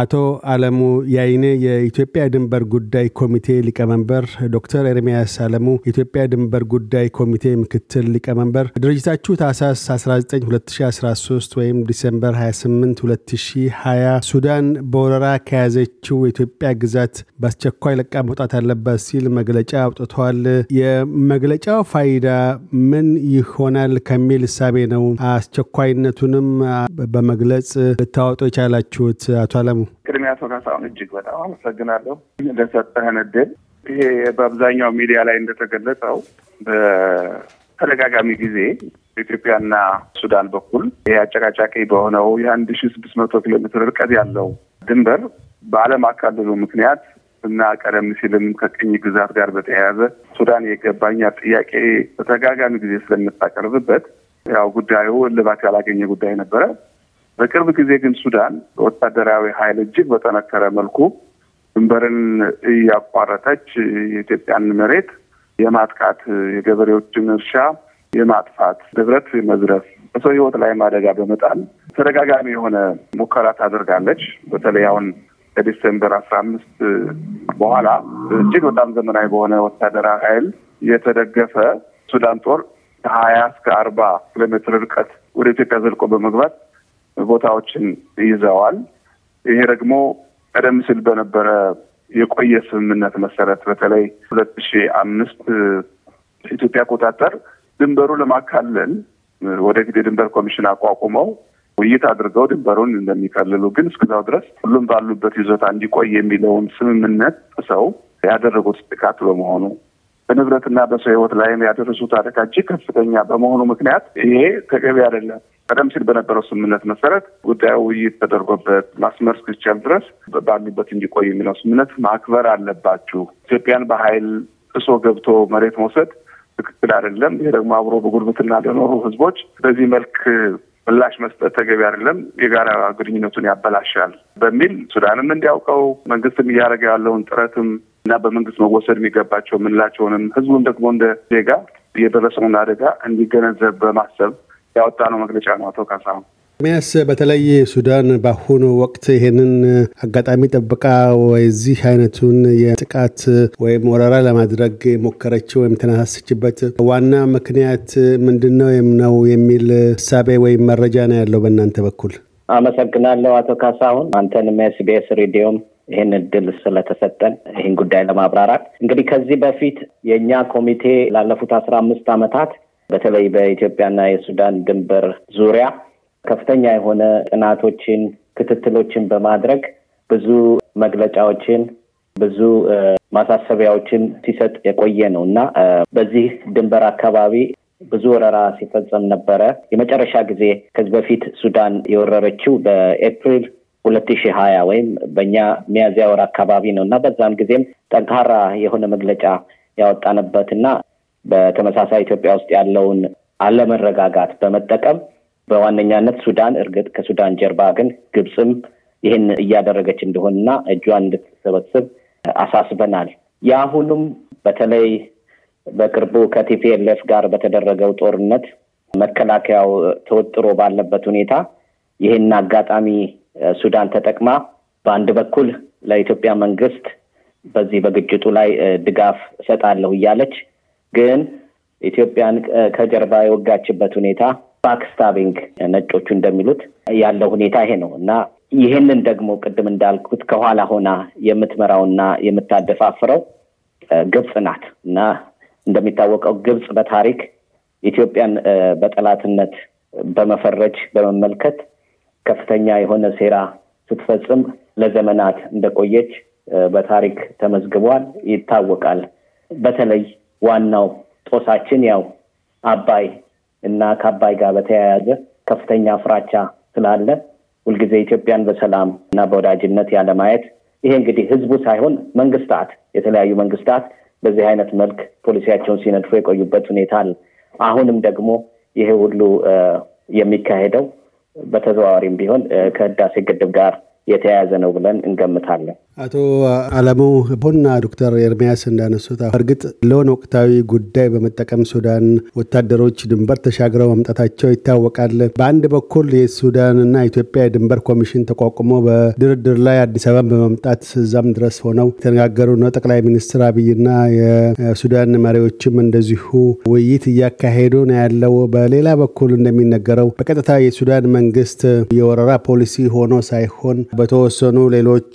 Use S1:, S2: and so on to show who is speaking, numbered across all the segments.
S1: አቶ አለሙ ያይነ የኢትዮጵያ ድንበር ጉዳይ ኮሚቴ ሊቀመንበር፣ ዶክተር ኤርሚያስ አለሙ የኢትዮጵያ ድንበር ጉዳይ ኮሚቴ ምክትል ሊቀመንበር። ድርጅታችሁ ታህሳስ 19 2013 ወይም ዲሰምበር 28 2020 ሱዳን በወረራ ከያዘችው የኢትዮጵያ ግዛት በአስቸኳይ ለቃ መውጣት አለባት ሲል መግለጫ አውጥተዋል። የመግለጫው ፋይዳ ምን ይሆናል ከሚል እሳቤ ነው አስቸኳይነቱንም በመግለጽ ልታወጡ የቻላችሁት አቶ አለሙ? ቅድሚያ
S2: አቶ ካሳሁን እጅግ በጣም አመሰግናለሁ እንደሰጠህን እድል። ይሄ በአብዛኛው ሚዲያ ላይ እንደተገለጸው በተደጋጋሚ ጊዜ በኢትዮጵያና ሱዳን በኩል ይሄ አጨቃጫቂ በሆነው የአንድ ሺ ስድስት መቶ ኪሎ ሜትር ርቀት ያለው ድንበር በዓለም አካልሉ ምክንያት እና ቀደም ሲልም ከቅኝ ግዛት ጋር በተያያዘ ሱዳን የይገባኛል ጥያቄ በተደጋጋሚ ጊዜ ስለምታቀርብበት ያው ጉዳዩ እልባት ያላገኘ ጉዳይ ነበረ። በቅርብ ጊዜ ግን ሱዳን ወታደራዊ ኃይል እጅግ በጠነከረ መልኩ ድንበርን እያቋረጠች የኢትዮጵያን መሬት የማጥቃት የገበሬዎችን እርሻ የማጥፋት ንብረት መዝረፍ በሰው ህይወት ላይ አደጋ በመጣል ተደጋጋሚ የሆነ ሙከራ ታደርጋለች። በተለይ አሁን ከዲሴምበር አስራ አምስት በኋላ እጅግ በጣም ዘመናዊ በሆነ ወታደራዊ ኃይል የተደገፈ ሱዳን ጦር ከሀያ እስከ አርባ ኪሎ ሜትር ርቀት ወደ ኢትዮጵያ ዘልቆ በመግባት ቦታዎችን ይዘዋል። ይሄ ደግሞ ቀደም ሲል በነበረ የቆየ ስምምነት መሰረት በተለይ ሁለት ሺ አምስት ኢትዮጵያ አቆጣጠር ድንበሩ ለማካለል ወደፊት የድንበር ኮሚሽን አቋቁመው ውይይት አድርገው ድንበሩን እንደሚከልሉ ግን እስከዛው ድረስ ሁሉም ባሉበት ይዞታ እንዲቆይ የሚለውን ስምምነት ጥሰው ያደረጉት ጥቃት በመሆኑ በንብረትና በሰው ህይወት ላይም ያደረሱት አደጋ እጅግ ከፍተኛ በመሆኑ ምክንያት ይሄ ተገቢ አይደለም። ቀደም ሲል በነበረው ስምምነት መሰረት ጉዳዩ ውይይት ተደርጎበት ማስመር እስኪቻል ድረስ ባሉበት እንዲቆይ የሚለው ስምምነት ማክበር አለባችሁ። ኢትዮጵያን በኃይል እሶ ገብቶ መሬት መውሰድ ትክክል አይደለም። ይሄ ደግሞ አብሮ በጉርብትና ለኖሩ ህዝቦች በዚህ መልክ ምላሽ መስጠት ተገቢ አይደለም፣ የጋራ ግንኙነቱን ያበላሻል በሚል ሱዳንም እንዲያውቀው መንግስትም እያደረገ ያለውን ጥረትም እና በመንግስት መወሰድ የሚገባቸው የምንላቸውንም ህዝቡን ደግሞ እንደ ዜጋ የደረሰውን አደጋ እንዲገነዘብ በማሰብ ያወጣነው መግለጫ ነው። አቶ ካሳሁን
S1: ሚያስ በተለይ ሱዳን በአሁኑ ወቅት ይህንን አጋጣሚ ጠብቃ ወይዚህ አይነቱን የጥቃት ወይም ወረራ ለማድረግ የሞከረችው ወይም ተነሳስችበት ዋና ምክንያት ምንድን ነው ወይም ነው የሚል እሳቤ ወይም መረጃ ነው ያለው በእናንተ በኩል?
S3: አመሰግናለሁ አቶ ካሳሁን አንተንም ኤስቢኤስ ሬዲዮም ይህን እድል ስለተሰጠን ይህን ጉዳይ ለማብራራት እንግዲህ ከዚህ በፊት የእኛ ኮሚቴ ላለፉት አስራ አምስት ዓመታት በተለይ በኢትዮጵያና የሱዳን ድንበር ዙሪያ ከፍተኛ የሆነ ጥናቶችን፣ ክትትሎችን በማድረግ ብዙ መግለጫዎችን ብዙ ማሳሰቢያዎችን ሲሰጥ የቆየ ነው እና በዚህ ድንበር አካባቢ ብዙ ወረራ ሲፈጸም ነበረ። የመጨረሻ ጊዜ ከዚህ በፊት ሱዳን የወረረችው በኤፕሪል ሁለት ሺ ሀያ ወይም በእኛ ሚያዚያ ወር አካባቢ ነው እና በዛን ጊዜም ጠንካራ የሆነ መግለጫ ያወጣንበት እና በተመሳሳይ ኢትዮጵያ ውስጥ ያለውን አለመረጋጋት በመጠቀም በዋነኛነት ሱዳን እርግጥ ከሱዳን ጀርባ ግን ግብፅም ይህን እያደረገች እንደሆንና እጇን እንድትሰበስብ አሳስበናል። የአሁኑም በተለይ በቅርቡ ከቲፒኤልኤፍ ጋር በተደረገው ጦርነት መከላከያው ተወጥሮ ባለበት ሁኔታ ይህን አጋጣሚ ሱዳን ተጠቅማ በአንድ በኩል ለኢትዮጵያ መንግስት በዚህ በግጭቱ ላይ ድጋፍ እሰጣለሁ እያለች ግን ኢትዮጵያን ከጀርባ የወጋችበት ሁኔታ ባክስታቢንግ ነጮቹ እንደሚሉት ያለው ሁኔታ ይሄ ነው እና ይህንን ደግሞ ቅድም እንዳልኩት ከኋላ ሆና የምትመራውና የምታደፋፍረው ግብጽ ናት እና እንደሚታወቀው ግብጽ በታሪክ ኢትዮጵያን በጠላትነት በመፈረጅ በመመልከት ከፍተኛ የሆነ ሴራ ስትፈጽም ለዘመናት እንደቆየች በታሪክ ተመዝግቧል፣ ይታወቃል። በተለይ ዋናው ጦሳችን ያው አባይ እና ከአባይ ጋር በተያያዘ ከፍተኛ ፍራቻ ስላለ ሁልጊዜ ኢትዮጵያን በሰላም እና በወዳጅነት ያለማየት ይሄ እንግዲህ ህዝቡ ሳይሆን መንግስታት፣ የተለያዩ መንግስታት በዚህ አይነት መልክ ፖሊሲያቸውን ሲነድፉ የቆዩበት ሁኔታ አለ። አሁንም ደግሞ ይሄ ሁሉ የሚካሄደው በተዘዋዋሪም ቢሆን ከህዳሴ ግድብ ጋር የተያያዘ ነው ብለን እንገምታለን።
S1: አቶ አለሙ ቦና ዶክተር ኤርሚያስ እንዳነሱት እርግጥ ለሆነ ወቅታዊ ጉዳይ በመጠቀም ሱዳን ወታደሮች ድንበር ተሻግረው መምጣታቸው ይታወቃል። በአንድ በኩል የሱዳንና ኢትዮጵያ የድንበር ኮሚሽን ተቋቁሞ በድርድር ላይ አዲስ አበባን በመምጣት እዛም ድረስ ሆነው የተነጋገሩ ነው። ጠቅላይ ሚኒስትር አብይና የሱዳን መሪዎችም እንደዚሁ ውይይት እያካሄዱ ነው ያለው። በሌላ በኩል እንደሚነገረው በቀጥታ የሱዳን መንግስት የወረራ ፖሊሲ ሆኖ ሳይሆን በተወሰኑ ሌሎች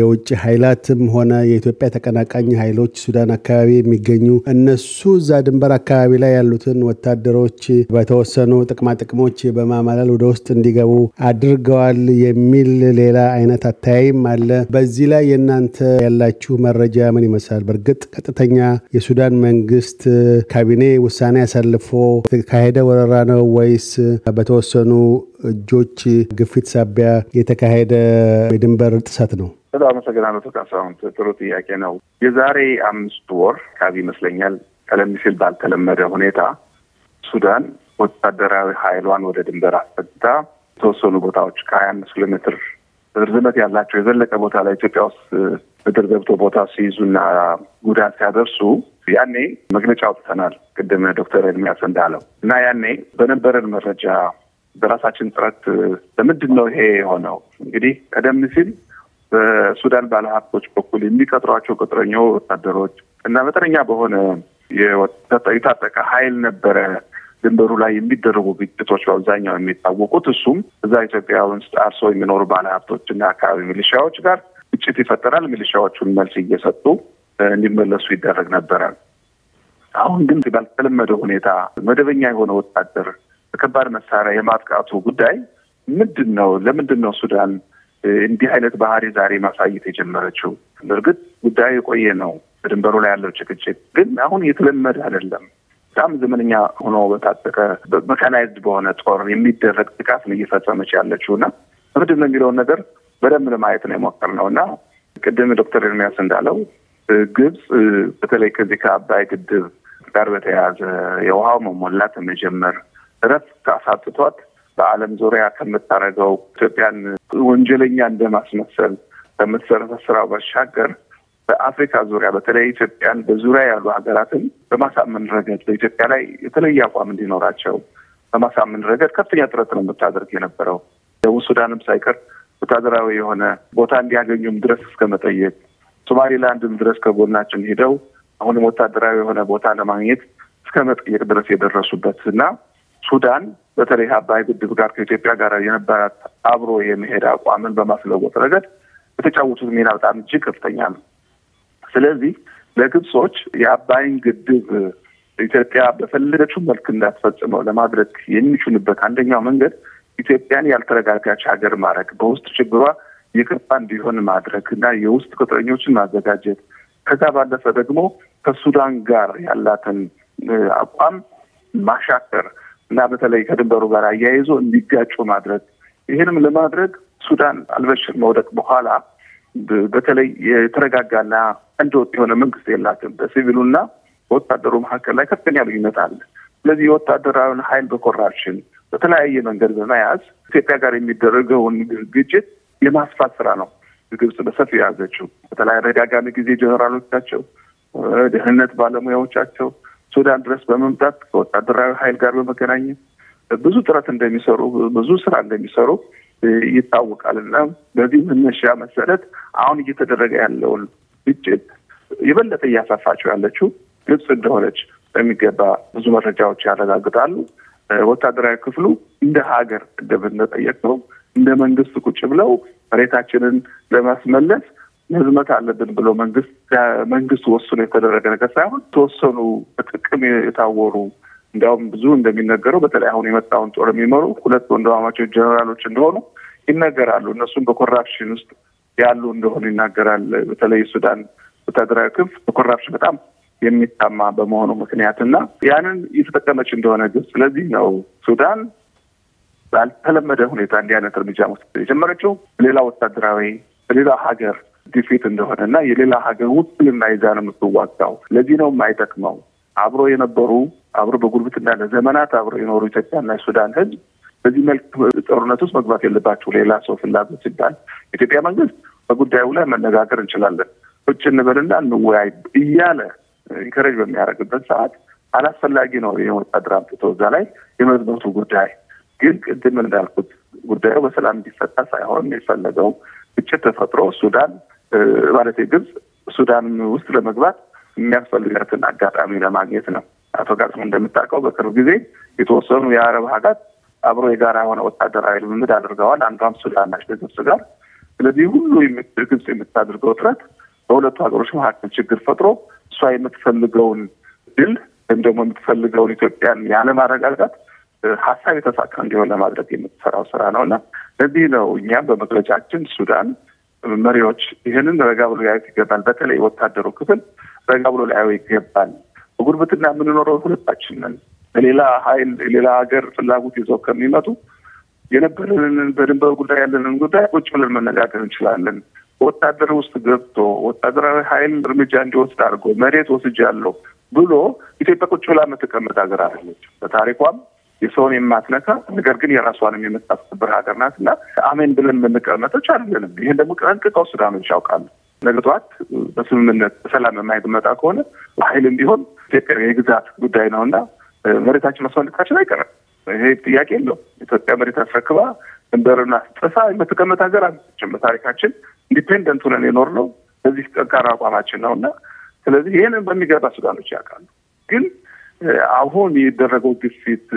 S1: የውጭ ኃይላትም ሆነ የኢትዮጵያ ተቀናቃኝ ኃይሎች ሱዳን አካባቢ የሚገኙ እነሱ እዛ ድንበር አካባቢ ላይ ያሉትን ወታደሮች በተወሰኑ ጥቅማጥቅሞች በማማለል ወደ ውስጥ እንዲገቡ አድርገዋል የሚል ሌላ አይነት አታያይም አለ። በዚህ ላይ የእናንተ ያላችሁ መረጃ ምን ይመስላል? በእርግጥ ቀጥተኛ የሱዳን መንግስት ካቢኔ ውሳኔ አሳልፎ የተካሄደ ወረራ ነው ወይስ በተወሰኑ እጆች ግፊት ሳቢያ የተካሄደ የድንበር ጥሰት ነው?
S2: በጣም አመሰግናለሁ ካሳሁን፣ ጥሩ ጥያቄ ነው። የዛሬ አምስት ወር አካባቢ ይመስለኛል ቀደም ሲል ባልተለመደ ሁኔታ ሱዳን ወታደራዊ ኃይሏን ወደ ድንበር አስፈጥታ የተወሰኑ ቦታዎች ከሀያ አምስት ኪሎ ሜትር ርዝመት ያላቸው የዘለቀ ቦታ ላይ ኢትዮጵያ ውስጥ ምድር ገብቶ ቦታ ሲይዙና ጉዳት ሲያደርሱ ያኔ መግለጫ አውጥተናል። ቅድም ዶክተር ኤርሚያስ እንዳለው እና ያኔ በነበረን መረጃ በራሳችን ጥረት ለምንድን ነው ይሄ የሆነው? እንግዲህ ቀደም ሲል በሱዳን ባለሀብቶች በኩል የሚቀጥሯቸው ቅጥረኛ ወታደሮች እና መጠነኛ በሆነ የታጠቀ ኃይል ነበረ ድንበሩ ላይ የሚደረጉ ግጭቶች በአብዛኛው የሚታወቁት እሱም እዛ ኢትዮጵያ ውስጥ አርሶ የሚኖሩ ባለሀብቶች እና አካባቢ ሚሊሻዎች ጋር ግጭት ይፈጠራል። ሚሊሻዎቹን መልስ እየሰጡ እንዲመለሱ ይደረግ ነበረ። አሁን ግን ባልተለመደ ሁኔታ መደበኛ የሆነ ወታደር በከባድ መሳሪያ የማጥቃቱ ጉዳይ ምንድን ነው? ለምንድን ነው ሱዳን እንዲህ አይነት ባህሪ ዛሬ ማሳየት የጀመረችው? እርግጥ ጉዳዩ የቆየ ነው። በድንበሩ ላይ ያለው ጭቅጭቅ ግን አሁን የተለመደ አይደለም። በጣም ዘመንኛ ሆኖ በታጠቀ መካናይዝድ በሆነ ጦር የሚደረግ ጥቃት ነው እየፈጸመች ያለችው እና ምንድን ነው የሚለውን ነገር በደንብ ለማየት ነው ነው እና ቅድም ዶክተር ኤርሚያስ እንዳለው ግብፅ በተለይ ከዚህ ከአባይ ግድብ ጋር በተያያዘ የውሃው መሞላት መጀመር እረፍት አሳጥቷት በዓለም ዙሪያ ከምታደርገው ኢትዮጵያን ወንጀለኛ እንደማስመሰል ከምትሰረተ ስራው ባሻገር በአፍሪካ ዙሪያ በተለይ ኢትዮጵያን በዙሪያ ያሉ ሀገራትን በማሳመን ረገድ በኢትዮጵያ ላይ የተለየ አቋም እንዲኖራቸው በማሳመን ረገድ ከፍተኛ ጥረት ነው የምታደርግ የነበረው። ደቡብ ሱዳንም ሳይቀር ወታደራዊ የሆነ ቦታ እንዲያገኙም ድረስ እስከ መጠየቅ፣ ሶማሌላንድም ድረስ ከጎናችን ሄደው አሁንም ወታደራዊ የሆነ ቦታ ለማግኘት እስከ መጠየቅ ድረስ የደረሱበት እና ሱዳን በተለይ አባይ ግድብ ጋር ከኢትዮጵያ ጋር የነበራት አብሮ የመሄድ አቋምን በማስለወጥ ረገድ የተጫወቱት ሚና በጣም እጅግ ከፍተኛ ነው። ስለዚህ ለግብጾች የአባይን ግድብ ኢትዮጵያ በፈለገችው መልክ እንዳትፈጽመው ለማድረግ የሚችሉበት አንደኛው መንገድ ኢትዮጵያን ያልተረጋጋች ሀገር ማድረግ፣ በውስጥ ችግሯ የከፋ እንዲሆን ማድረግ እና የውስጥ ቅጥረኞችን ማዘጋጀት ከዛ ባለፈ ደግሞ ከሱዳን ጋር ያላትን አቋም ማሻከር እና በተለይ ከድንበሩ ጋር አያይዞ እንዲጋጩ ማድረግ ይህንም ለማድረግ ሱዳን አልበሽር መውደቅ በኋላ በተለይ የተረጋጋና እንደወጥ ወጥ የሆነ መንግስት የላትም። በሲቪሉና በወታደሩ መካከል ላይ ከፍተኛ ልዩነት አለ። ስለዚህ የወታደራዊን ኃይል በኮራፕሽን በተለያየ መንገድ በመያዝ ኢትዮጵያ ጋር የሚደረገውን ግጭት የማስፋት ስራ ነው ግብጽ በሰፊው የያዘችው። በተለይ አረጋጋሚ ጊዜ ጀኔራሎቻቸው ደህንነት ባለሙያዎቻቸው ሱዳን ድረስ በመምጣት ከወታደራዊ ኃይል ጋር በመገናኘት ብዙ ጥረት እንደሚሰሩ ብዙ ስራ እንደሚሰሩ ይታወቃል እና በዚህ መነሻ መሰረት አሁን እየተደረገ ያለውን ግጭት የበለጠ እያሳፋቸው ያለችው ግብጽ እንደሆነች በሚገባ ብዙ መረጃዎች ያረጋግጣሉ። ወታደራዊ ክፍሉ እንደ ሀገር እንደምንጠየቅ ነው እንደ መንግስት ቁጭ ብለው መሬታችንን ለማስመለስ ህዝመት አለብን ብሎ መንግስት ወስኖ የተደረገ ነገር ሳይሆን ተወሰኑ በጥቅም የታወሩ እንዲያውም ብዙ እንደሚነገረው በተለይ አሁን የመጣውን ጦር የሚመሩ ሁለት ወንድማማቾች ጀነራሎች እንደሆኑ ይነገራሉ። እነሱም በኮራፕሽን ውስጥ ያሉ እንደሆኑ ይናገራል። በተለይ ሱዳን ወታደራዊ ክንፍ በኮራፕሽን በጣም የሚታማ በመሆኑ ምክንያት እና ያንን እየተጠቀመች እንደሆነ ግን ስለዚህ ነው ሱዳን ባልተለመደ ሁኔታ እንዲህ አይነት እርምጃ መውሰድ የጀመረችው ሌላ ወታደራዊ ሌላ ሀገር ግፊት እንደሆነ እና የሌላ ሀገር ውክልና ይዛ ነው የምትዋጋው። ለዚህ ነው የማይጠቅመው። አብሮ የነበሩ አብሮ በጉርብትና ለዘመናት አብሮ የኖሩ ኢትዮጵያና ሱዳን ህዝብ በዚህ መልክ ጦርነት ውስጥ መግባት የለባቸው። ሌላ ሰው ፍላጎት ሲባል ኢትዮጵያ መንግስት በጉዳዩ ላይ መነጋገር እንችላለን፣ ውጭ እንበልና እንወያይ እያለ ኢንከሬጅ በሚያደርግበት ሰዓት አላስፈላጊ ነው የወታደር አምጥቶ እዛ ላይ የመዝመቱ ጉዳይ ግን ቅድም እንዳልኩት ጉዳዩ በሰላም እንዲፈታ ሳይሆን የፈለገው ግጭት ተፈጥሮ ሱዳን ማለት ግብጽ ሱዳን ውስጥ ለመግባት የሚያስፈልጋትን አጋጣሚ ለማግኘት ነው። አቶ ጋጽሞ እንደምታውቀው በቅርብ ጊዜ የተወሰኑ የአረብ ሀገራት አብሮ የጋራ የሆነ ወታደራዊ ልምምድ አድርገዋል። አንዷም ሱዳን ናች ከግብጽ ጋር። ስለዚህ ሁሉ ግብጽ የምታደርገው ጥረት በሁለቱ ሀገሮች መካከል ችግር ፈጥሮ እሷ የምትፈልገውን ድል ወይም ደግሞ የምትፈልገውን ኢትዮጵያን ያለማረጋጋት ሀሳብ የተሳካ እንዲሆን ለማድረግ የምትሰራው ስራ ነው እና ለዚህ ነው እኛም በመግለጫችን ሱዳን መሪዎች ይህንን ረጋ ብሎ ሊያዩት ይገባል። በተለይ ወታደሩ ክፍል ረጋ ብሎ ሊያዩ ይገባል። በጉርብትና የምንኖረው ሁለታችን ነን። በሌላ ኃይል ሌላ ሀገር ፍላጎት ይዘው ከሚመጡ የነበረንን በድንበር ጉዳይ ያለንን ጉዳይ ቁጭ ብለን መነጋገር እንችላለን። ወታደር ውስጥ ገብቶ ወታደራዊ ኃይል እርምጃ እንዲወስድ አድርጎ መሬት ወስጃለሁ ብሎ ኢትዮጵያ ቁጭ ብላ የምትቀመጥ ሀገር አለች በታሪኳም የሰውን የማትነካ ነገር ግን የራሷንም የምታስብር ሀገር ናት እና አሜን ብለን መቀመጦች አይደለንም። ይህን ደግሞ ቀንቅቀው ሱዳኖች ያውቃሉ። ነገ ጠዋት በስምምነት በሰላም የማይመጣ ከሆነ ኃይልም ቢሆን ኢትዮጵያ የግዛት ጉዳይ ነው እና መሬታችን ማስመለጣችን አይቀርም። ይሄ ጥያቄ የለው። ኢትዮጵያ መሬት አስረክባ ድንበርና ጥሳ የምትቀመጥ ሀገር አንችም። በታሪካችን ኢንዲፔንደንት ሁነን የኖርነው በዚህ ጠንካራ አቋማችን ነው እና ስለዚህ ይህንን በሚገባ ሱዳኖች ያውቃሉ ግን አሁን የደረገው ግፊት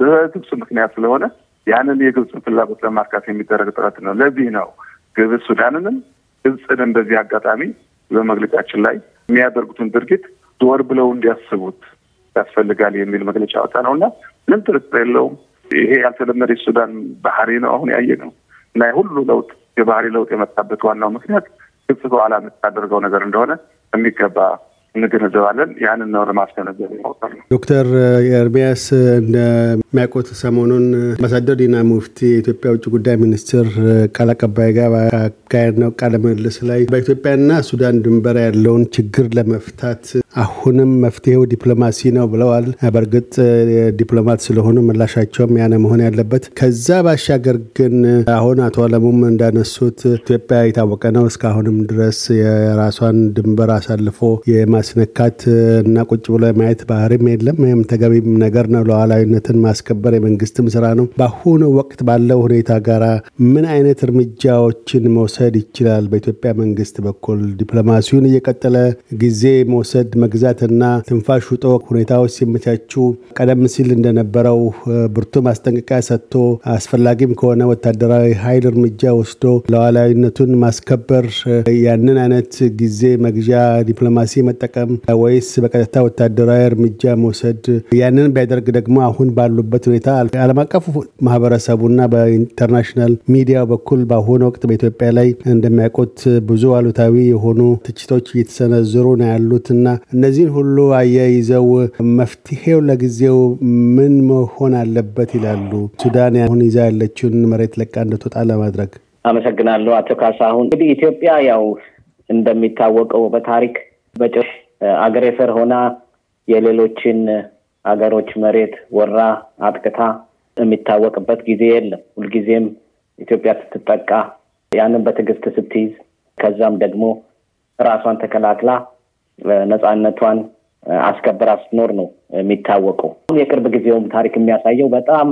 S2: በግብፅ ምክንያት ስለሆነ ያንን የግብፅ ፍላጎት ለማርካት የሚደረግ ጥረት ነው። ለዚህ ነው ግብፅ ሱዳንንም ግብፅንም በዚህ አጋጣሚ በመግለጫችን ላይ የሚያደርጉትን ድርጊት ዞር ብለው እንዲያስቡት ያስፈልጋል የሚል መግለጫ ወጣ ነው እና ምንም ጥርጥር የለውም ይሄ ያልተለመደ የሱዳን ባህሪ ነው አሁን ያየ ነው እና ሁሉ ለውጥ የባህሪ ለውጥ የመጣበት ዋናው ምክንያት ግብፅ በኋላ የምታደርገው ነገር እንደሆነ የሚገባ እንገነዘባለን። ያንን ነው
S1: ለማስገነዘብ የሞከር ዶክተር ኤርሚያስ እንደሚያውቁት ሰሞኑን አምባሳደር ዲና ሙፍቲ የኢትዮጵያ ውጭ ጉዳይ ሚኒስትር ቃል አቀባይ ጋር ካካሄድነው ቃለ ምልልስ ላይ በኢትዮጵያና ሱዳን ድንበር ያለውን ችግር ለመፍታት አሁንም መፍትሄው ዲፕሎማሲ ነው ብለዋል። በእርግጥ ዲፕሎማት ስለሆኑ ምላሻቸውም ያነ መሆን ያለበት። ከዛ ባሻገር ግን አሁን አቶ አለሙም እንዳነሱት ኢትዮጵያ የታወቀ ነው እስካሁንም ድረስ የራሷን ድንበር አሳልፎ የማ ማስነካት እና ቁጭ ብሎ ማየት ባህሪም የለም። ይህም ተገቢም ነገር ነው። ሉዓላዊነትን ማስከበር የመንግስትም ስራ ነው። በአሁኑ ወቅት ባለው ሁኔታ ጋራ ምን አይነት እርምጃዎችን መውሰድ ይችላል? በኢትዮጵያ መንግስት በኩል ዲፕሎማሲውን እየቀጠለ ጊዜ መውሰድ መግዛትና ትንፋሽ ውጦ ሁኔታዎች ሲመቻቹ ቀደም ሲል እንደነበረው ብርቱ ማስጠንቀቂያ ሰጥቶ አስፈላጊም ከሆነ ወታደራዊ ኃይል እርምጃ ወስዶ ሉዓላዊነቱን ማስከበር ያንን አይነት ጊዜ መግዣ ዲፕሎማሲ መጠቀም መጠቀም ወይስ በቀጥታ ወታደራዊ እርምጃ መውሰድ? ያንን ቢያደርግ ደግሞ አሁን ባሉበት ሁኔታ ዓለም አቀፉ ማህበረሰቡና በኢንተርናሽናል ሚዲያ በኩል በአሁኑ ወቅት በኢትዮጵያ ላይ እንደሚያውቁት ብዙ አሉታዊ የሆኑ ትችቶች እየተሰነዘሩ ነው ያሉት እና እነዚህን ሁሉ አያይዘው መፍትሄው ለጊዜው ምን መሆን አለበት ይላሉ? ሱዳን አሁን ይዛ ያለችውን መሬት ለቃ እንድትወጣ ለማድረግ።
S3: አመሰግናለሁ አቶ ካሳሁን። እንግዲህ ኢትዮጵያ ያው እንደሚታወቀው በታሪክ በጭራሽ አግሬሰር ሆና የሌሎችን አገሮች መሬት ወራ አጥቅታ የሚታወቅበት ጊዜ የለም። ሁልጊዜም ኢትዮጵያ ስትጠቃ ያንን በትዕግስት ስትይዝ ከዛም ደግሞ ራሷን ተከላክላ ነፃነቷን አስከብራ ስትኖር ነው የሚታወቀው። የቅርብ ጊዜውም ታሪክ የሚያሳየው በጣም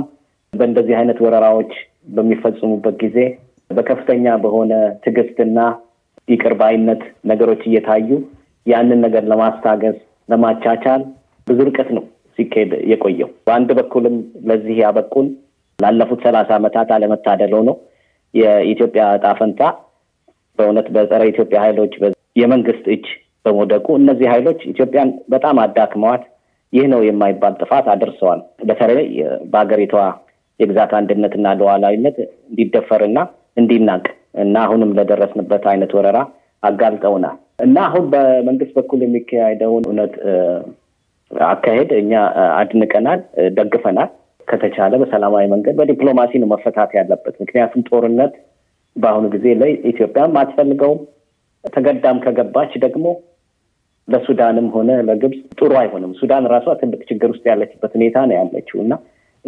S3: በእንደዚህ አይነት ወረራዎች በሚፈጽሙበት ጊዜ በከፍተኛ በሆነ ትዕግስትና ይቅርባይነት ነገሮች እየታዩ ያንን ነገር ለማስታገዝ ለማቻቻል ብዙ ርቀት ነው ሲካሄድ የቆየው። በአንድ በኩልም ለዚህ ያበቁን ላለፉት ሰላሳ ዓመታት አለመታደል ሆኖ የኢትዮጵያ እጣ ፈንታ በእውነት በጸረ ኢትዮጵያ ኃይሎች የመንግስት እጅ በመውደቁ እነዚህ ኃይሎች ኢትዮጵያን በጣም አዳክመዋት ይህ ነው የማይባል ጥፋት አድርሰዋል። በተለይ በሀገሪቷ የግዛት አንድነትና ሉዓላዊነት እንዲደፈርና እንዲናቅ እና አሁንም ለደረስንበት አይነት ወረራ አጋልጠውናል። እና አሁን በመንግስት በኩል የሚካሄደውን እውነት አካሄድ እኛ አድንቀናል፣ ደግፈናል። ከተቻለ በሰላማዊ መንገድ በዲፕሎማሲ ነው መፈታት ያለበት። ምክንያቱም ጦርነት በአሁኑ ጊዜ ላይ ኢትዮጵያም አትፈልገውም። ተገዳም ከገባች ደግሞ ለሱዳንም ሆነ ለግብፅ ጥሩ አይሆንም። ሱዳን ራሷ ትልቅ ችግር ውስጥ ያለችበት ሁኔታ ነው ያለችው እና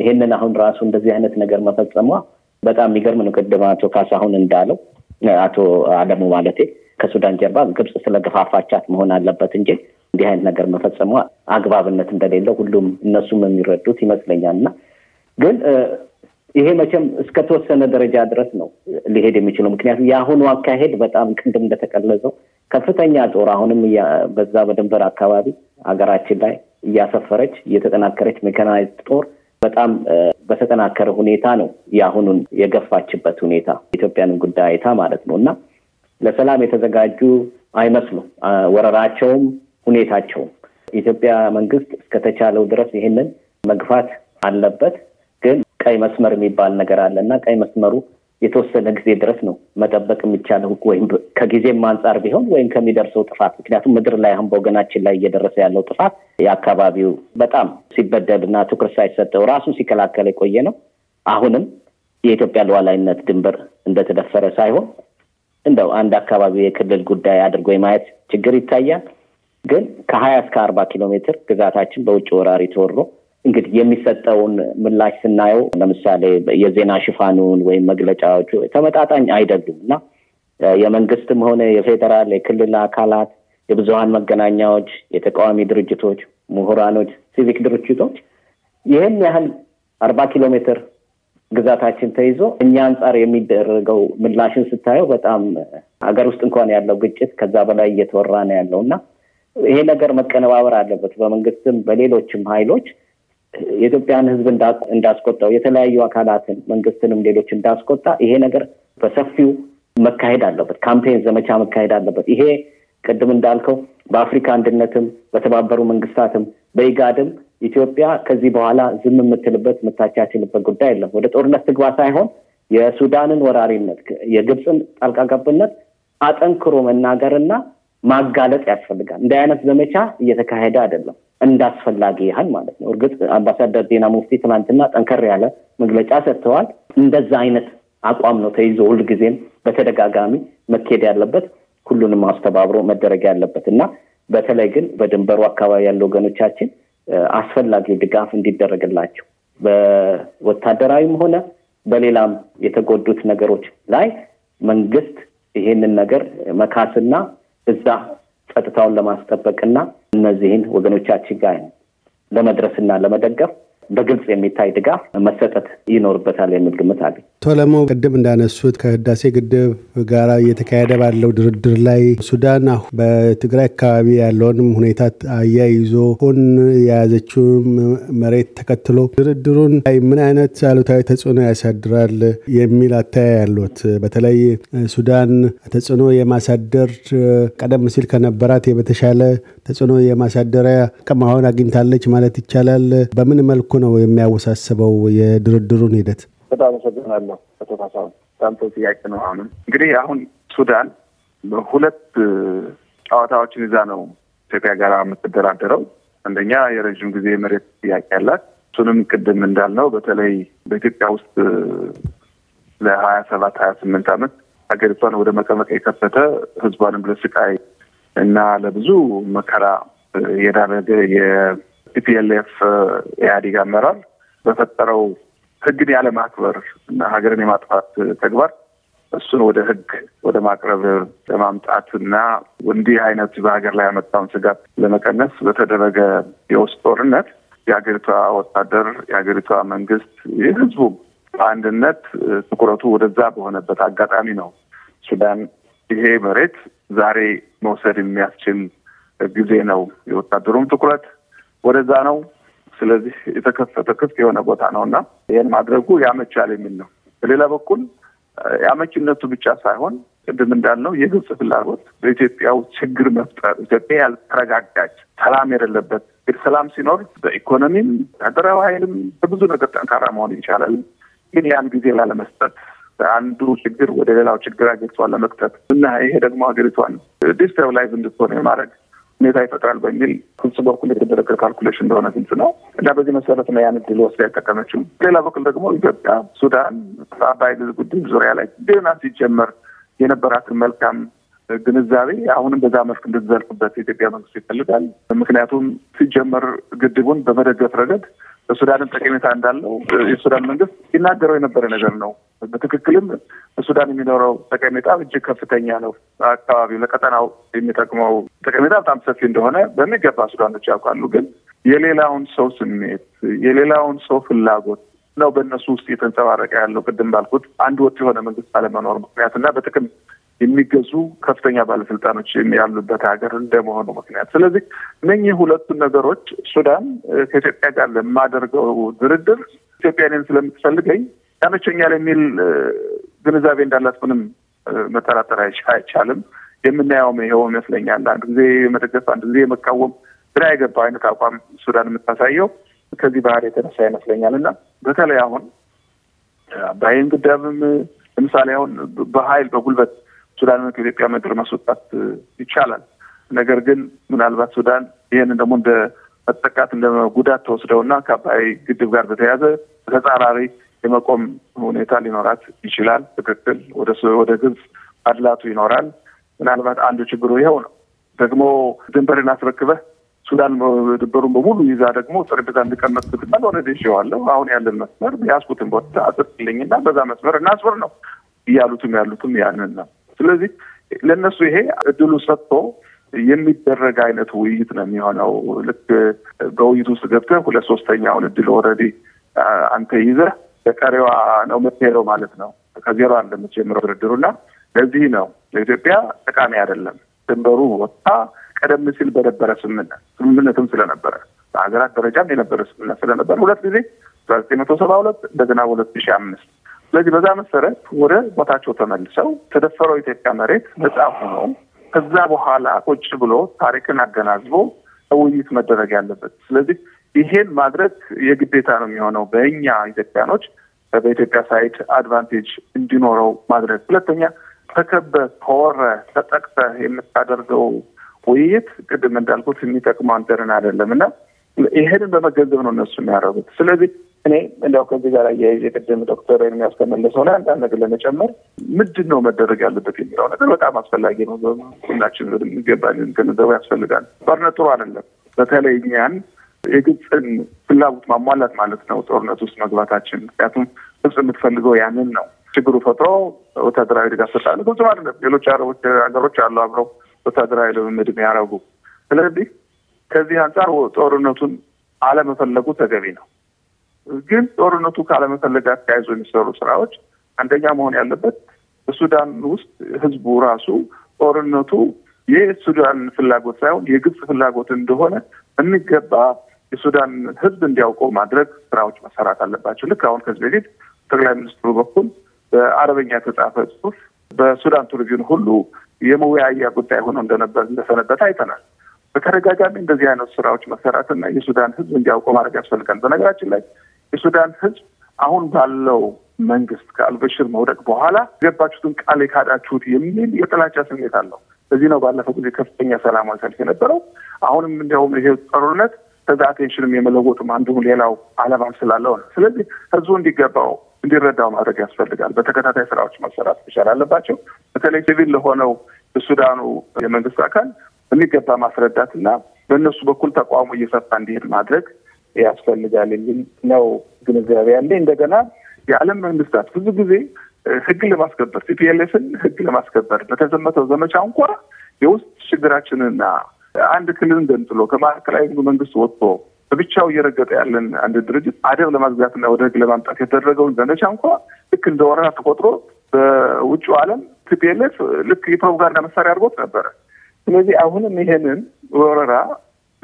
S3: ይሄንን አሁን ራሱ እንደዚህ አይነት ነገር መፈጸሟ በጣም የሚገርም ነው። ቅድም አቶ ካሳሁን እንዳለው አቶ አለሙ ማለቴ ከሱዳን ጀርባ ግብጽ ስለገፋፋቻት መሆን አለበት እንጂ እንዲህ አይነት ነገር መፈጸሙ አግባብነት እንደሌለው ሁሉም እነሱም የሚረዱት ይመስለኛል። እና ግን ይሄ መቼም እስከተወሰነ ደረጃ ድረስ ነው ሊሄድ የሚችለው። ምክንያቱም የአሁኑ አካሄድ በጣም ቅድም እንደተቀለጸው ከፍተኛ ጦር አሁንም በዛ በድንበር አካባቢ ሀገራችን ላይ እያሰፈረች እየተጠናከረች ሜካናይዝ ጦር በጣም በተጠናከረ ሁኔታ ነው የአሁኑን የገፋችበት ሁኔታ ኢትዮጵያንም ጉዳይ አይታ ማለት ነው እና ለሰላም የተዘጋጁ አይመስሉም። ወረራቸውም ሁኔታቸውም የኢትዮጵያ መንግስት እስከተቻለው ድረስ ይህንን መግፋት አለበት። ግን ቀይ መስመር የሚባል ነገር አለ እና ቀይ መስመሩ የተወሰነ ጊዜ ድረስ ነው መጠበቅ የሚቻለው ወይም ከጊዜም አንጻር ቢሆን ወይም ከሚደርሰው ጥፋት ምክንያቱም ምድር ላይ አሁን በወገናችን ላይ እየደረሰ ያለው ጥፋት የአካባቢው በጣም ሲበደል እና ትኩረት ሳይሰጠው ራሱ ሲከላከል የቆየ ነው። አሁንም የኢትዮጵያ ሉዓላዊነት ድንበር እንደተደፈረ ሳይሆን እንደው አንድ አካባቢ የክልል ጉዳይ አድርጎ የማየት ችግር ይታያል። ግን ከሀያ እስከ አርባ ኪሎ ሜትር ግዛታችን በውጭ ወራሪ ተወሮ እንግዲህ የሚሰጠውን ምላሽ ስናየው ለምሳሌ የዜና ሽፋኑን ወይም መግለጫዎቹ ተመጣጣኝ አይደሉም እና የመንግስትም ሆነ የፌዴራል የክልል አካላት፣ የብዙሀን መገናኛዎች፣ የተቃዋሚ ድርጅቶች፣ ምሁራኖች፣ ሲቪክ ድርጅቶች ይህን ያህል አርባ ኪሎ ሜትር ግዛታችን ተይዞ እኛ አንጻር የሚደረገው ምላሽን ስታየው በጣም ሀገር ውስጥ እንኳን ያለው ግጭት ከዛ በላይ እየተወራ ነው ያለው እና ይሄ ነገር መቀነባበር አለበት። በመንግስትም በሌሎችም ሀይሎች የኢትዮጵያን ህዝብ እንዳስቆጣው የተለያዩ አካላትን መንግስትንም ሌሎች እንዳስቆጣ ይሄ ነገር በሰፊው መካሄድ አለበት። ካምፔን ዘመቻ መካሄድ አለበት። ይሄ ቅድም እንዳልከው በአፍሪካ አንድነትም፣ በተባበሩ መንግስታትም፣ በኢጋድም ኢትዮጵያ ከዚህ በኋላ ዝም የምትልበት የምታቻችልበት ጉዳይ የለም። ወደ ጦርነት ትግባ ሳይሆን የሱዳንን ወራሪነት፣ የግብፅን ጣልቃ ገብነት አጠንክሮ መናገርና ማጋለጥ ያስፈልጋል። እንዲህ አይነት ዘመቻ እየተካሄደ አይደለም፣ እንዳስፈላጊ ያህል ማለት ነው። እርግጥ አምባሳደር ዲና ሙፍቲ ትናንትና ጠንከር ያለ መግለጫ ሰጥተዋል። እንደዛ አይነት አቋም ነው ተይዞ ሁልጊዜም በተደጋጋሚ መኬድ ያለበት ሁሉንም አስተባብሮ መደረግ ያለበት እና በተለይ ግን በድንበሩ አካባቢ ያሉ ወገኖቻችን አስፈላጊው ድጋፍ እንዲደረግላቸው በወታደራዊም ሆነ በሌላም የተጎዱት ነገሮች ላይ መንግስት ይሄንን ነገር መካስና እዛ ጸጥታውን ለማስጠበቅና እነዚህን ወገኖቻችን ጋር ለመድረስና ለመደገፍ በግልጽ የሚታይ ድጋፍ መሰጠት ይኖርበታል
S1: የሚል ግምት አለ። ቶለሞ ቅድም እንዳነሱት ከህዳሴ ግድብ ጋር እየተካሄደ ባለው ድርድር ላይ ሱዳን አሁን በትግራይ አካባቢ ያለውንም ሁኔታ አያይዞ ሁን የያዘችውን መሬት ተከትሎ ድርድሩን ላይ ምን አይነት አሉታዊ ተጽዕኖ ያሳድራል የሚል አታያ ያሉት በተለይ ሱዳን ተጽዕኖ የማሳደር ቀደም ሲል ከነበራት የተሻለ ተጽዕኖ የማሳደሪያ ቅም አሁን አግኝታለች ማለት ይቻላል። በምን መልኩ ነው የሚያወሳስበው የድርድሩን ሂደት?
S2: በጣም አመሰግናለሁ አቶ ካሳሁን። በጣም ጥሩ ጥያቄ ነው። አሁንም እንግዲህ አሁን ሱዳን በሁለት ጨዋታዎችን ይዛ ነው ኢትዮጵያ ጋር የምትደራደረው። አንደኛ የረዥም ጊዜ መሬት ጥያቄ አላት። እሱንም ቅድም እንዳልነው በተለይ በኢትዮጵያ ውስጥ ለሀያ ሰባት ሀያ ስምንት ዓመት ሀገሪቷን ወደ መቀመቅ የከፈተ ህዝቧንም ለስቃይ እና ለብዙ መከራ የዳረገ ቲፒኤልኤፍ ኢህአዴግ አመራር በፈጠረው ህግን ያለ ማክበር እና ሀገርን የማጥፋት ተግባር እሱን ወደ ህግ ወደ ማቅረብ ለማምጣት እና እንዲህ አይነት በሀገር ላይ ያመጣውን ስጋት ለመቀነስ በተደረገ የውስጥ ጦርነት የሀገሪቷ ወታደር፣ የሀገሪቷ መንግስት፣ የህዝቡ በአንድነት ትኩረቱ ወደዛ በሆነበት አጋጣሚ ነው ሱዳን ይሄ መሬት ዛሬ መውሰድ የሚያስችል ጊዜ ነው። የወታደሩም ትኩረት ወደዛ ነው። ስለዚህ የተከፈተ ክፍት የሆነ ቦታ ነው እና ይህን ማድረጉ ያመቻል የሚል ነው። በሌላ በኩል የአመችነቱ ብቻ ሳይሆን ቅድም እንዳልነው የግብጽ ፍላጎት በኢትዮጵያ ውስጥ ችግር መፍጠር፣ ኢትዮጵያ ያልተረጋጋች ሰላም የሌለበት ሰላም ሲኖር በኢኮኖሚም ወታደራዊ ኃይልም በብዙ ነገር ጠንካራ መሆን ይቻላል። ግን ያን ጊዜ ላለመስጠት አንዱ ችግር ወደ ሌላው ችግር አገሪቷን ለመክተት እና ይሄ ደግሞ ሀገሪቷን ዲስተብላይዝ እንድትሆን የማድረግ ሁኔታ ይፈጥራል በሚል ህብሱ በኩል የተደረገ ካልኩሌሽን እንደሆነ ግልጽ ነው እና በዚህ መሰረት ነው ያን ድል ወስዳ ያጠቀመችው። ሌላ በኩል ደግሞ ኢትዮጵያ፣ ሱዳን በአባይ ግድብ ዙሪያ ላይ ገና ሲጀመር የነበራትን መልካም ግንዛቤ አሁንም በዛ መልክ እንድትዘልቅበት የኢትዮጵያ መንግስት ይፈልጋል። ምክንያቱም ሲጀመር ግድቡን በመደገፍ ረገድ በሱዳንም ጠቀሜታ እንዳለው የሱዳን መንግስት ይናገረው የነበረ ነገር ነው። በትክክልም በሱዳን የሚኖረው ጠቀሜታ እጅግ ከፍተኛ ነው። አካባቢው ለቀጠናው የሚጠቅመው ጠቀሜታ በጣም ሰፊ እንደሆነ በሚገባ ሱዳኖች ያውቃሉ። ግን የሌላውን ሰው ስሜት የሌላውን ሰው ፍላጎት ነው በእነሱ ውስጥ የተንጸባረቀ ያለው ቅድም ባልኩት አንድ ወጥ የሆነ መንግስት አለመኖር ምክንያት እና በጥቅም የሚገዙ ከፍተኛ ባለስልጣኖች ያሉበት ሀገር እንደመሆኑ ምክንያት። ስለዚህ እነኚህ ሁለቱን ነገሮች ሱዳን ከኢትዮጵያ ጋር ለማደርገው ድርድር ኢትዮጵያ እኔን ስለምትፈልገኝ ያመቸኛል የሚል ግንዛቤ እንዳላት ምንም መጠራጠር አይቻልም። የምናየውም ይኸው ይመስለኛል። አንድ ጊዜ የመደገፍ አንድ ጊዜ የመቃወም ግራ የገባ አይነት አቋም ሱዳን የምታሳየው ከዚህ ባህር የተነሳ ይመስለኛል እና በተለይ አሁን አባይን ግዳብም ለምሳሌ አሁን በኃይል በጉልበት ሱዳንን ከኢትዮጵያ ምድር ማስወጣት ይቻላል። ነገር ግን ምናልባት ሱዳን ይህንን ደግሞ እንደ መጠቃት እንደ ጉዳት ተወስደው ተወስደውና ከአባይ ግድብ ጋር በተያያዘ በተጻራሪ የመቆም ሁኔታ ሊኖራት ይችላል። ትክክል። ወደ ወደ ግብፅ አድላቱ ይኖራል። ምናልባት አንዱ ችግሩ ይኸው ነው። ደግሞ ድንበርን አስረክበህ ሱዳን ድንበሩን በሙሉ ይዛ ደግሞ ጠረጴዛ እንዲቀመጥ ስትባል ወረደ ይሸዋለሁ። አሁን ያለን መስመር ያስኩትን ቦታ አጥርልኝና በዛ መስመር እናስበር ነው እያሉትም ያሉትም ያንን ነው። ስለዚህ ለእነሱ ይሄ እድሉ ሰጥቶ የሚደረግ አይነት ውይይት ነው የሚሆነው። ልክ በውይይት ውስጥ ገብተህ ሁለት ሶስተኛውን እድል ወረዴ አንተ ይዘህ ከቀሪዋ ነው የምትሄደው ማለት ነው። ከዜሮ አንድ የምትጀምረው ድርድሩ እና ለዚህ ነው ለኢትዮጵያ ጠቃሚ አይደለም ድንበሩ ወጣ ቀደም ሲል በነበረ ስምምነት ስምምነትም ስለነበረ በሀገራት ደረጃም የነበረ ስምምነት ስለነበረ ሁለት ጊዜ በዘጠኝ መቶ ሰባ ሁለት እንደገና ሁለት ሺ አምስት ስለዚህ በዛ መሰረት ወደ ቦታቸው ተመልሰው ተደፈረው የኢትዮጵያ መሬት ነጻ ሆኖ ከዛ በኋላ ቁጭ ብሎ ታሪክን አገናዝቦ ውይይት መደረግ ያለበት ስለዚህ ይሄን ማድረግ የግዴታ ነው የሚሆነው በእኛ ኢትዮጵያኖች በኢትዮጵያ ሳይድ አድቫንቴጅ እንዲኖረው ማድረግ፣ ሁለተኛ ተከበ ተወረህ ተጠቅሰ የምታደርገው ውይይት ቅድም እንዳልኩት የሚጠቅመው አንተርን አይደለም እና ይሄንን በመገንዘብ ነው እነሱ የሚያደርጉት። ስለዚህ እኔ እንዲያው ከዚህ ጋር አያይዝ የቅድም ዶክተር የሚያስተመለሰው ከመለሰው ላይ አንዳንድ ነገር ለመጨመር ምንድን ነው መደረግ ያለበት የሚለው ነገር በጣም አስፈላጊ ነው። ሁላችን የሚገባን ገንዘቡ ያስፈልጋል። ጦርነት ጥሩ አይደለም። በተለይ እኛን የግብፅን ፍላጎት ማሟላት ማለት ነው ጦርነት ውስጥ መግባታችን። ምክንያቱም ግብፅ የምትፈልገው ያንን ነው። ችግሩ ፈጥሮ ወታደራዊ ድጋፍ ሰጣለ። ግብፅም አይደለም ሌሎች አረቦች ሀገሮች አሉ አብረው ወታደራዊ ልምምድ የሚያደርጉ። ስለዚህ ከዚህ አንጻር ጦርነቱን አለመፈለጉ ተገቢ ነው። ግን ጦርነቱ ካለመፈለግ አተያይዞ የሚሰሩ ስራዎች አንደኛ መሆን ያለበት በሱዳን ውስጥ ህዝቡ ራሱ ጦርነቱ የሱዳን ፍላጎት ሳይሆን የግብፅ ፍላጎት እንደሆነ የሚገባ የሱዳን ህዝብ እንዲያውቀው ማድረግ ስራዎች መሰራት አለባቸው። ልክ አሁን ከዚህ በፊት ጠቅላይ ሚኒስትሩ በኩል በአረበኛ የተጻፈ ጽሁፍ በሱዳን ቴሌቪዥን ሁሉ የመወያያ ጉዳይ ሆኖ እንደነበር እንደሰነበት አይተናል። በተደጋጋሚ እንደዚህ አይነት ስራዎች መሰራትና የሱዳን ህዝብ እንዲያውቀው ማድረግ ያስፈልጋል። በነገራችን ላይ የሱዳን ህዝብ አሁን ባለው መንግስት ከአልበሽር መውደቅ በኋላ የገባችሁትን ቃል የካዳችሁት የሚል የጥላቻ ስሜት አለው። እዚህ ነው ባለፈው ጊዜ ከፍተኛ ሰላማዊ ሰልፍ የነበረው። አሁንም እንዲያውም ይሄ ጦርነት ተዛቴንሽንም የመለወጡም አንዱም ሌላው አለባል ስላለው ነው። ስለዚህ ህዝቡ እንዲገባው እንዲረዳው ማድረግ ያስፈልጋል። በተከታታይ ስራዎች መሰራት መቻል አለባቸው። በተለይ ሲቪል ለሆነው የሱዳኑ የመንግስት አካል ማስረዳት ማስረዳትና በእነሱ በኩል ተቋሙ እየሰፋ እንዲሄድ ማድረግ ያስፈልጋል የሚል ነው ግንዛቤ ያለ። እንደገና የዓለም መንግስታት ብዙ ጊዜ ህግ ለማስከበር ሲፒኤልኤፍን ህግ ለማስከበር በተዘመተው ዘመቻ እንኳ የውስጥ ችግራችንና አንድ ክልልን ገንጥሎ ከማዕከላዊ መንግስት ወጥቶ በብቻው እየረገጠ ያለን አንድ ድርጅት አደብ ለማግዛትና ወደ ህግ ለማምጣት የተደረገውን ዘመቻ እንኳ ልክ እንደ ወረራ ተቆጥሮ በውጭ ዓለም ቲፒኤልኤፍ ልክ የፕሮፓጋንዳ መሳሪያ አድርጎት ነበረ። ስለዚህ አሁንም ይሄንን ወረራ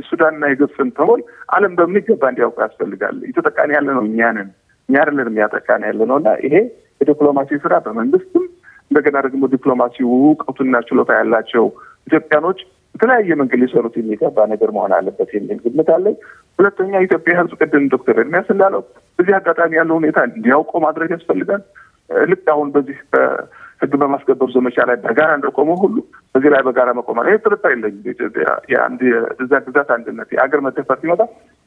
S2: ሱዳንና የግብፅን ተሆን ዓለም በሚገባ እንዲያውቁ ያስፈልጋል። የተጠቃን ያለ ነው እኛንን እኛ አይደለን የሚያጠቃን ያለ ነው እና ይሄ የዲፕሎማሲ ስራ በመንግስትም እንደገና ደግሞ ዲፕሎማሲ እውቀቱና ችሎታ ያላቸው ኢትዮጵያኖች በተለያየ መንገድ ሊሰሩት የሚገባ ነገር መሆን አለበት የሚል ግምት አለኝ። ሁለተኛ ኢትዮጵያ ሕዝብ ቅድም ዶክተር ኤርሚያስ እንዳለው በዚህ አጋጣሚ ያለው ሁኔታ እንዲያውቀው ማድረግ ያስፈልጋል። ልክ አሁን በዚህ ህግ በማስከበር ዘመቻ ላይ በጋራ እንደቆመው ሁሉ በዚህ ላይ በጋራ መቆም አለ። ይህ ጥርጥር የለኝም። በኢትዮጵያ የአንድ እዛ ግዛት አንድነት የአገር መደፈር ሲመጣ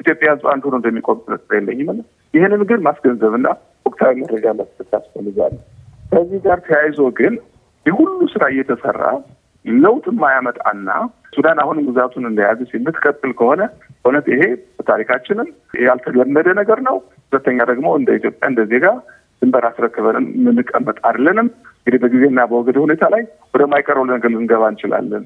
S2: ኢትዮጵያ ህዝብ አንድ ሆኖ እንደሚቆም የለኝ። የለኝም። ይህንን ግን ማስገንዘብና ወቅታዊ መረጃ መስጠት ያስፈልጋል። ከዚህ ጋር ተያይዞ ግን የሁሉ ስራ እየተሰራ ለውጥ የማያመጣና ሱዳን አሁንም ግዛቱን እንደያዘች የምትቀጥል ከሆነ እውነት ይሄ በታሪካችንም ያልተለመደ ነገር ነው። ሁለተኛ ደግሞ እንደ ኢትዮጵያ እንደ ዜጋ ድንበር አስረክበንም የምንቀመጥ አይደለንም። እንግዲህ በጊዜና በወገድ ሁኔታ ላይ ወደማይቀረው ነገር ልንገባ እንችላለን።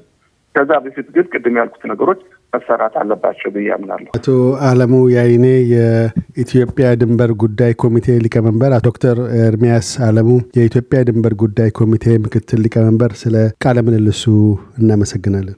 S2: ከዛ በፊት ግን ቅድም ያልኩት ነገሮች መሰራት አለባቸው ብዬ አምናለሁ።
S1: አቶ አለሙ ያይኔ የኢትዮጵያ ድንበር ጉዳይ ኮሚቴ ሊቀመንበር፣ ዶክተር ኤርሚያስ አለሙ የኢትዮጵያ ድንበር ጉዳይ ኮሚቴ ምክትል ሊቀመንበር፣ ስለ ቃለ ምልልሱ እናመሰግናለን።